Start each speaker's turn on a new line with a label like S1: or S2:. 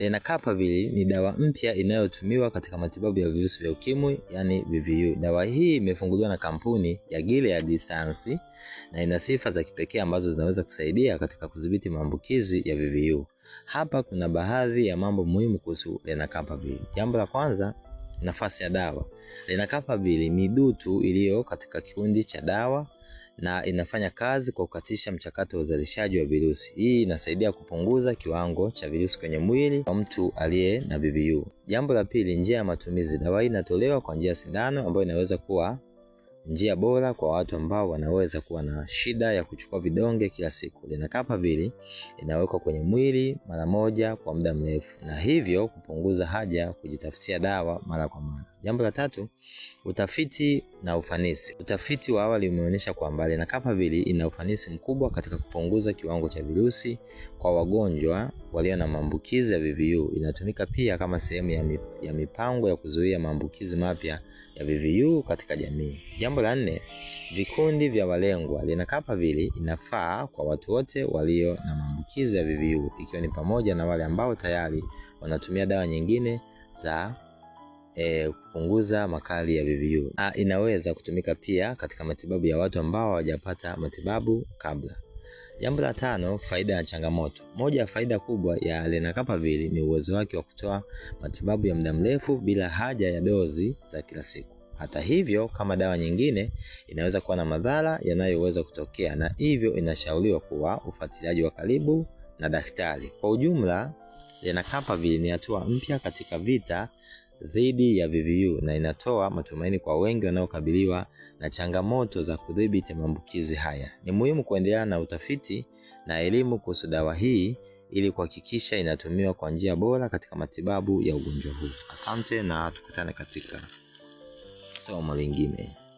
S1: Lenacapavir ni dawa mpya inayotumiwa katika matibabu ya virusi vya ukimwi, yani VVU. Dawa hii imefunguliwa na kampuni ya Gilead Sciences na ina sifa za kipekee ambazo zinaweza kusaidia katika kudhibiti maambukizi ya VVU. Hapa kuna baadhi ya mambo muhimu kuhusu Lenacapavir. Jambo la kwanza, nafasi ya dawa. Lenacapavir ni dutu iliyo katika kikundi cha dawa na inafanya kazi kwa kukatisha mchakato wa uzalishaji wa virusi. Hii inasaidia kupunguza kiwango cha virusi kwenye mwili wa mtu aliye na BBU. Jambo la pili, njia ya matumizi. Dawa hii inatolewa kwa njia ya sindano ambayo inaweza kuwa njia bora kwa watu ambao wanaweza kuwa na shida ya kuchukua vidonge kila siku. Linakaa pavili, inawekwa kwenye mwili mara moja kwa muda mrefu, na hivyo kupunguza haja kujitafutia dawa mara kwa mara. Jambo la tatu, utafiti na ufanisi. Utafiti wa awali umeonyesha kwamba lenacapavir ina ufanisi mkubwa katika kupunguza kiwango cha virusi kwa wagonjwa walio na maambukizi ya VVU. Inatumika pia kama sehemu ya mipango ya kuzuia maambukizi mapya ya VVU katika jamii. Jambo la nne, vikundi vya walengwa. Lenacapavir inafaa kwa watu wote walio na maambukizi ya VVU, ikiwa ni pamoja na wale ambao tayari wanatumia dawa nyingine za Eh, kupunguza makali ya VVU. A, ah, inaweza kutumika pia katika matibabu ya watu ambao hawajapata matibabu kabla. Jambo la tano, faida na changamoto. Moja ya faida kubwa ya Lenacapavir ni uwezo wake wa kutoa matibabu ya muda mrefu bila haja ya dozi za kila siku. Hata hivyo, kama dawa nyingine, inaweza kuwa na madhara yanayoweza kutokea na hivyo inashauriwa kuwa ufuatiliaji wa karibu na daktari. Kwa ujumla, Lenacapavir ni hatua mpya katika vita dhidi ya VVU na inatoa matumaini kwa wengi wanaokabiliwa na changamoto za kudhibiti maambukizi haya. Ni muhimu kuendelea na utafiti na elimu kuhusu dawa hii ili kuhakikisha inatumiwa kwa njia bora katika matibabu ya ugonjwa huu. Asante na tukutane katika somo lingine.